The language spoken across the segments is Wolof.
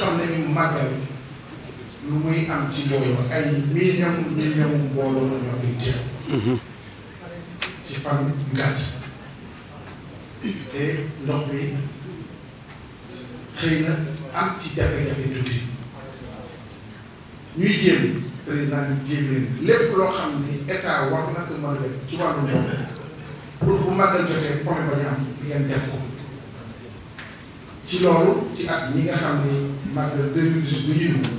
xam ne ni màggal lu muy am ci loolu ay million million mbooloo la ñoo di teew mhm. ci fan gàtt te ndox mi xëy na am ci jafe-jafe tuuti ñuy jéem président bi jéem leen lépp loo xam ni état war na ko mën a def ci wàllu ndox pour bu màggal jotee problème ba ñu am ngeen def ko ci loolu ci at xam ni màggal deux mille dix bu ñuy dugg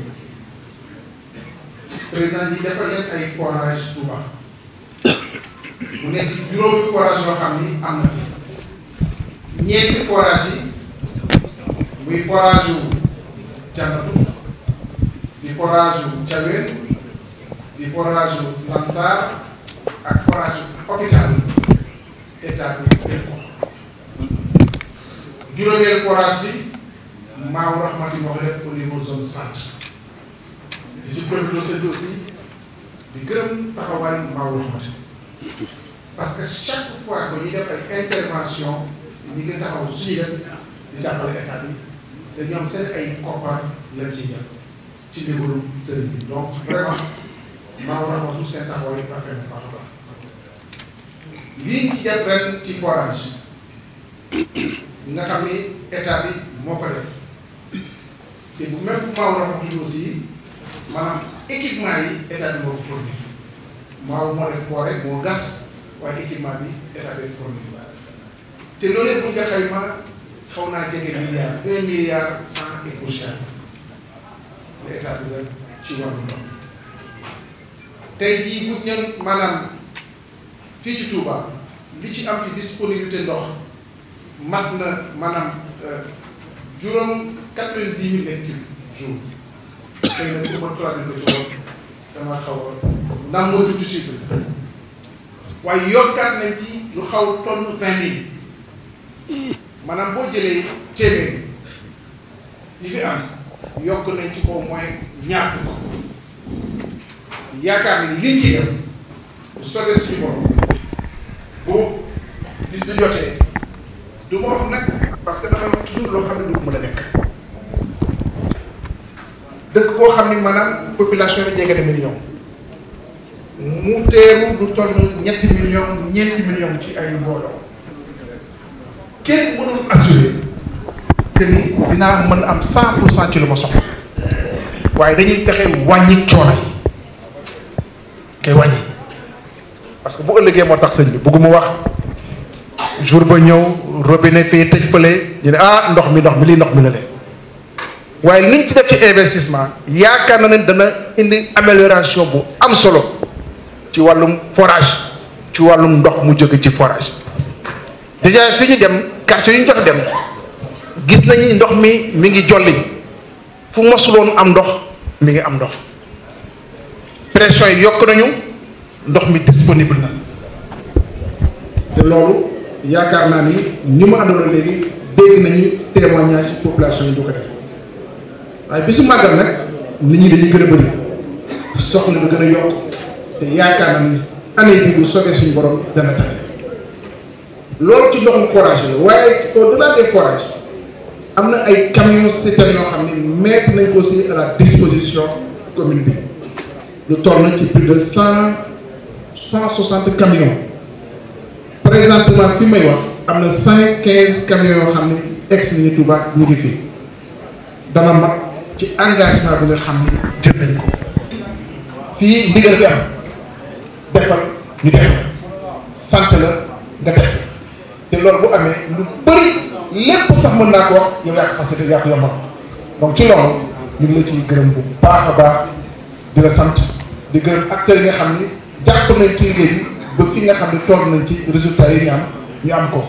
président bi defal leen ay forage Touba mu nekk juróomi forage yoo xam ni am na fi ñeenti forage yi muy forage wu Thiamatou di forage wu Thiawéen di forage wu Lansar ak forage hôpital état bi def juróomeelu forage bi Maou Rahmati moo ko def au niveau zone centre di ci profité seen aussi di gërëm taxawaayu Maou Rahmati parce que chaque fois que ñu def ay intervention ñu ngi taxaw suñu yëpp di jàppale état bi te ñoom seen ay koppar lañ ciy jàpp ci ndigalu sëriñ bi donc vraiment Maou Rahmati seen taxawaay rafet na baax a baax lii ñu ci def ren ci forage. nga xam ni état bi moo ko te bu même bu Maaw la wax aussi maanaam équipement yi état bi moo ko fourni moo def foore moo gas waaye équipement bi état bi fourni te loolu yëpp bu ñu xayma xaw naa jege milliard un milliard cent et poussière la état bi def ci wàllu bu ñu maanaam fii ci Touba li ci am ci lox mat na maanaam euh, juróom quatre-vingt-dix mille et ci jour xëy na bu ma traduire ko ci woon dama xaw a ndax moo tudd chiffre waaye yokkaat nañ ci lu xaw tonne vingt mille maanaam boo jëlee téeméer yi fi am yokk nañ ci au moins ñaar fukk yaakaar ni liñ ci bu soobee suñu du ma nag parce que damay loo xam ne du mën a nekk dëkk boo xam ne maanaam population jege na million mu teeru du toll ñetti million ñeenti million ci ay mbooloo kenn mënul assurer que ni dinaa mën am cent pour ci lu ma soxla waaye dañuy fexe wàññi coono yi kay wàññi parce que bu ëllëgee moo tax sëñ bi bëgguma wax jour ba ñëw robinet fii tëj fële ñu ne ah ndox mi ndox mi lii ndox mi ne leen waaye liñ ci def ci investissement yaakaar na ne dana indi amélioration bu am solo ci wàllum forage ci wàllum ndox mu jóge ci forage déjà fi ñu dem quartier yu ñu jot dem gis nañ ndox mi mi ngi jolli fu mosuloon am ndox mi ngi am ndox pression yi yokk nañu ndox mi disponible na te loolu yaakaar naa ni ñi ma àndoon léegi dégg nañu témoignage population yi du ko def waaye bisu màggal nag ni ñi dañuy gën a bëri soxla bi gën a yokk te yaakaar naa ni année bi bu soobee suñu borom dana tax loolu ci doxu forage la waaye au delà des forages am na ay camions citernes yoo xam ne mettre nañ ko aussi la disposition commune bi lu toll na ci plus de cent cent soixante camions. Touba Touba fi may wax am na cent quinze camions yoo xam ne ex ni Touba ñu ngi fi dama mag ci engagement bi nga xam ne jël nañ ko fii ndigal bi am defal ñu def sant la nga def te loolu bu amee lu bëri lépp sax mën naa ko wax yow yaa ko facilité yaa ko yombal donc ci loolu ñu ngi la ciy gërëm bu baax a baax di la sant di gërëm acteurs yi nga xam ni jàpp nañ ci liggéey bi ba i nga xam ne toog nañ ci résultat yi ñu am ñu am ko